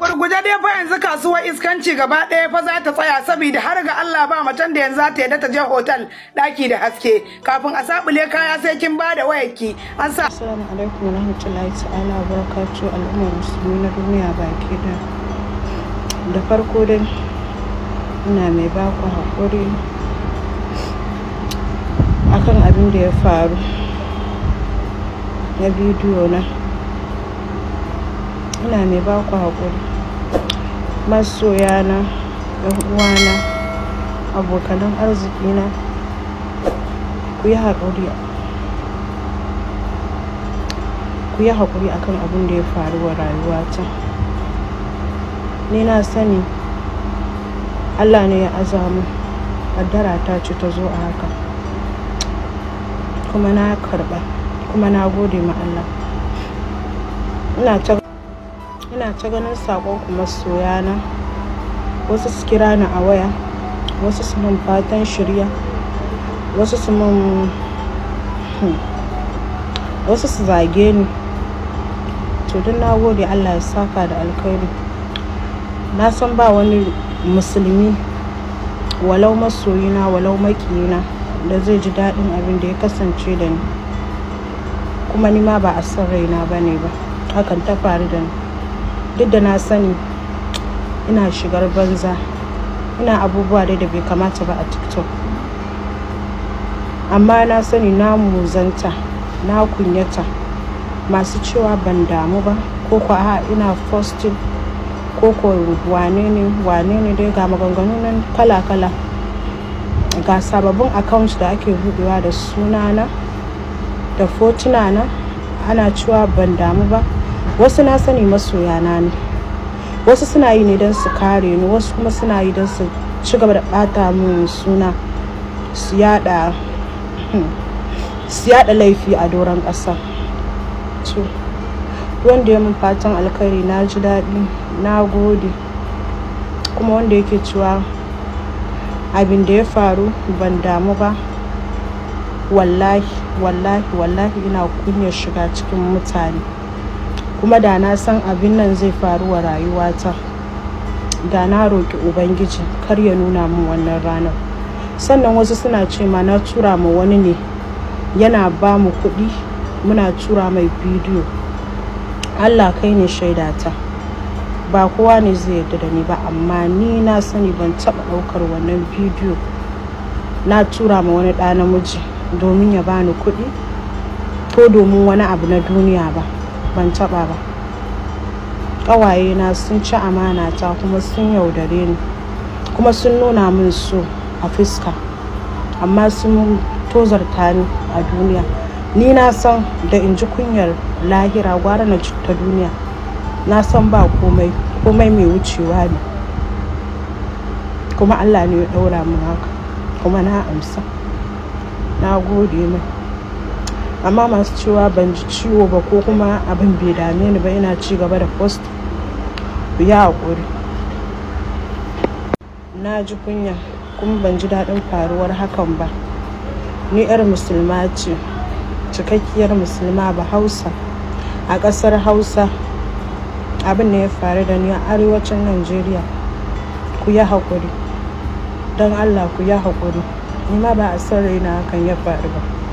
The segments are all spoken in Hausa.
gurguje dai fa yanzu kasuwar iskanci gaba ɗaya fa za ta tsaya saboda har ga Allah ba macen da yanzu za ta yadda ta je hotel ɗaki da haske kafin a sabule kaya sai kin ba da wayarki an sa assalamu alaikum warahmatullahi ta'ala barakatu al'ummar musulmi na duniya baki da da farko dai ina mai ba ku hakuri akan abin da ya faru na bidiyo na ina mai ba ku haƙuri masoyana yan uwana abokanan arzikina ku yi haƙuri ku yi haƙuri akan abin da ya faru wa rayuwata ni na sani allah ne ya azamu kaddara ta ce ta zo a haka kuma na karɓa kuma na gode ma allah ina ta ina ta ganin saƙonku masoya na wasu su kira ni a waya wasu su min fatan shirya wasu su mun hmm, wasu su zage ni to don na gode allah ya saka da alkhairi na san ba wani musulmi walau masoyina walau makiyina da zai ji daɗin abin da ya kasance da ni kuma ni ma ba a san raina ba ne ba hakan ta faru da ni duk da na sani ina shigar banza ina abubuwa dai da bai kamata ba a tiktok amma na sani na muzanta na kunyata masu cewa ban damu ba ko a ina fostin ko ko wane ne wane ne dai ga maganganu nan kala-kala ga sababbin account da ake buɗewa da sunana da na ana cewa ban damu ba wasu na sani masoya na ne wasu suna yi ne don su kare ni wasu kuma suna yi don su ci gaba da bata min suna su yada hmm, laifi a doron ƙasa wanda ya mun fatan alkhairi na ji daɗi na gode kuma wanda yake cewa abin da ya faru ban damu ba wallahi wallahi wallahi ina kunyar shiga cikin mutane kuma da na san abin nan zai faru wa rayuwata da na roƙi ubangiji kar ya nuna min wannan ranar sannan wasu suna ce ma na tura ma wani ne yana ba mu kuɗi muna tura mai bidiyo allah kai ne shaidata ba kowa ne zai yarda da ni ba amma ni na sani ban taɓa ɗaukar wannan bidiyo na tura ma wani ɗa namiji domin ya bani kuɗi ko domin wani abu na duniya ba ban taba ba na sun ci amana ta kuma sun yaudare ni kuma sun nuna min so a fuska amma sun tozarta ni a duniya ni na san da in ji kunyar lahira gwara na ta duniya na san ba komai komai mai wucewa ne kuma allah ne ya daura min haka kuma na amsa na gode mai amma masu cewa ban ji ciwo ba ko kuma abin bai dame ni ba ina ci gaba da post ku yi haƙuri na ji kunya kuma ban ji daɗin faruwar hakan ba ni 'yar musulma ce cikakkiyar musulma ba hausa a ƙasar hausa abin da ya faru da ni a arewacin najeriya ku yi haƙuri don allah ku yi haƙuri ni ma ba a son raina hakan ya faru ba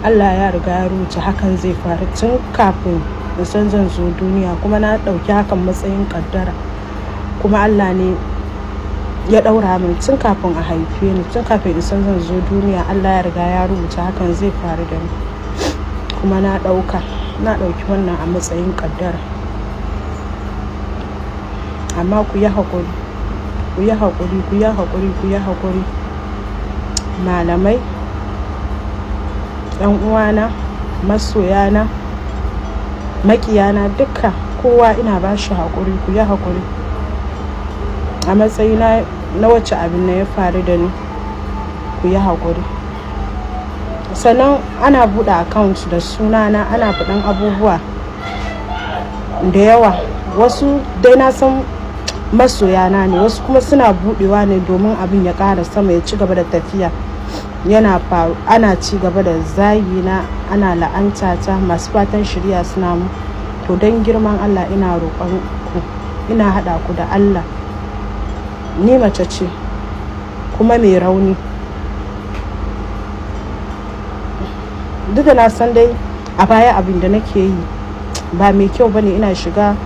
allah ya riga ya rubuta hakan zai faru tun kafin da san zan zo duniya kuma na ɗauki hakan matsayin kaddara kuma allah ne ya ɗaura min tun kafin a haife ni tun kafin da san zan zo duniya allah ya riga ya rubuta hakan zai faru da ni kuma na ɗauka na ɗauki wannan a matsayin kaddara amma ku yi hakuri ku yi haƙuri ku yi haƙuri ku yi haƙuri malamai 'yan uwana masoyana maƙiyana duka kowa ina ba shi haƙuri ku yi haƙuri a matsayina na wace abin na ya faru da ni ku yi haƙuri sannan ana buɗe account da sunana ana faɗin abubuwa da yawa wasu dai na san masoyana ne wasu kuma suna buɗewa ne domin abin ya ƙara sama ya ci gaba da tafiya yana faru ana ci gaba da zagi na ana la'anta ta masu fatan shirya suna mu to don girman allah ina roƙon ku ina haɗa ku da allah ni mace ce kuma mai rauni duk da na san dai a baya abin da nake yi ba mai kyau ba ne ina shiga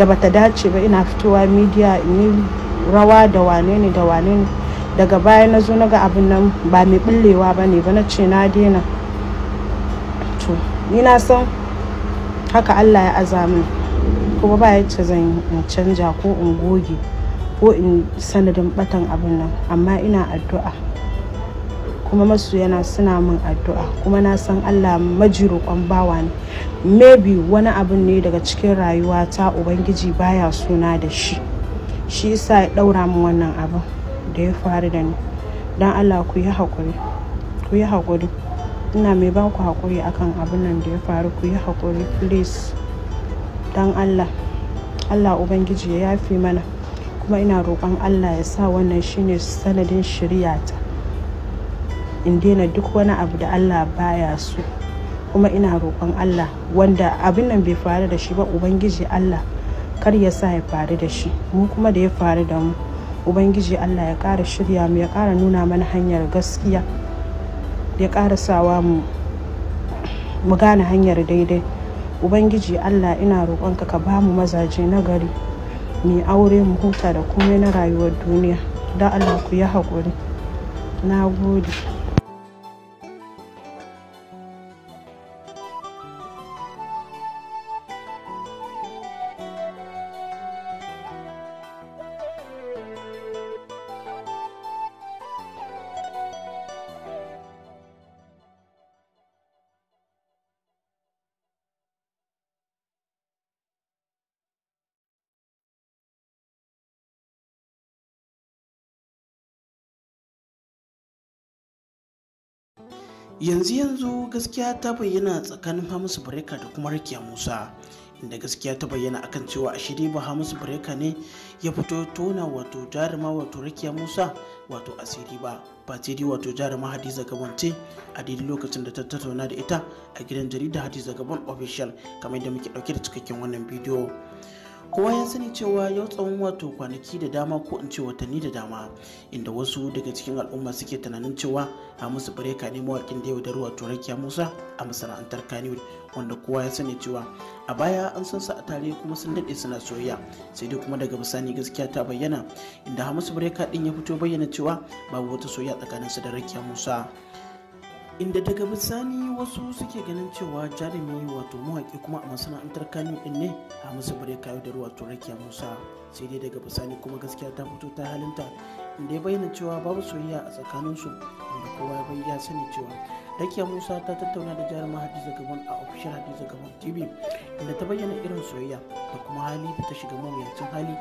da bata dace ba ina fitowa midiya in yi rawa da wane ne da wane ne daga baya na zo na ga abin nan ba mai bullewa ba ne ba na ce na daina to ni na san haka allah ya azamin kuma ba ce zan canja ko in goge ko in sanadin batan abin nan amma ina addu'a kuma masu yana suna min addu'a kuma na san allah majirukon bawa ne maybe wani abin ne daga cikin rayuwa ta ubangiji baya suna da shi shi yasa ya ɗaura min wannan abin da ya faru da ni don allah ku yi haƙuri ku yi haƙuri ina mai ba ku haƙuri akan abin nan da ya faru ku yi haƙuri please don allah allah ubangiji ya fi mana kuma ina roƙon allah ya sa wannan shine sanadin shirya ta. in daina duk wani abu da allah baya su kuma ina roƙon allah wanda abin nan bai faru da shi ba ubangiji allah kar ya sa ya faru da shi mu kuma da ya faru da mu ubangiji allah ya ƙara shirya mu ya ƙara nuna mana hanyar gaskiya ya ƙara sawa mu gane hanyar daidai ubangiji allah ina roƙonka ka ba mu mazaje na gari mai aure mu huta da komai na rayuwar duniya da allah ku yi haƙuri na gode yanzu yanzu gaskiya ta bayyana tsakanin hamisu breka da kuma rakiya musa inda gaskiya ta bayyana akan cewa a shirye ba hamisu breka ne ya fito tona wato jaruma wato rakiya musa wato asiri ba ba dai wato jaruma hadiza gabon ce a daidai lokacin da ta tattauna da ita a gidan jarida hadiza gabon official kamar yadda muke dauke da cikakken wannan bidiyo kowa ya sani cewa yau tsawon wato kwanaki da dama ko in ce watanni da dama inda wasu daga cikin al'umma suke tunanin cewa hamisu bareka ne mawakin da yau da ruwa turakiya musa a masana'antar kaniwood wanda kowa ya sani cewa a baya an san su a tare kuma sun daɗe suna soyayya sai dai kuma daga bisani gaskiya ta bayyana inda hamisu bareka ɗin ya fito bayyana cewa babu wata soyayya su da rakiya musa inda daga bisani wasu suke ganin cewa jarumi wato mawaƙi kuma a masana'antar kano din ne a musu bare kayo da wato rakiya musa sai dai daga bisani kuma gaskiya ta fito ta halinta inda ya bayyana cewa babu soyayya a tsakaninsu inda kowa ya bayyana sani cewa rakiya musa ta tattauna da jaruma hadiza gabon a ofishin hadiza gabon tv inda ta bayyana irin soyayya da kuma hali da ta shiga mawuyacin hali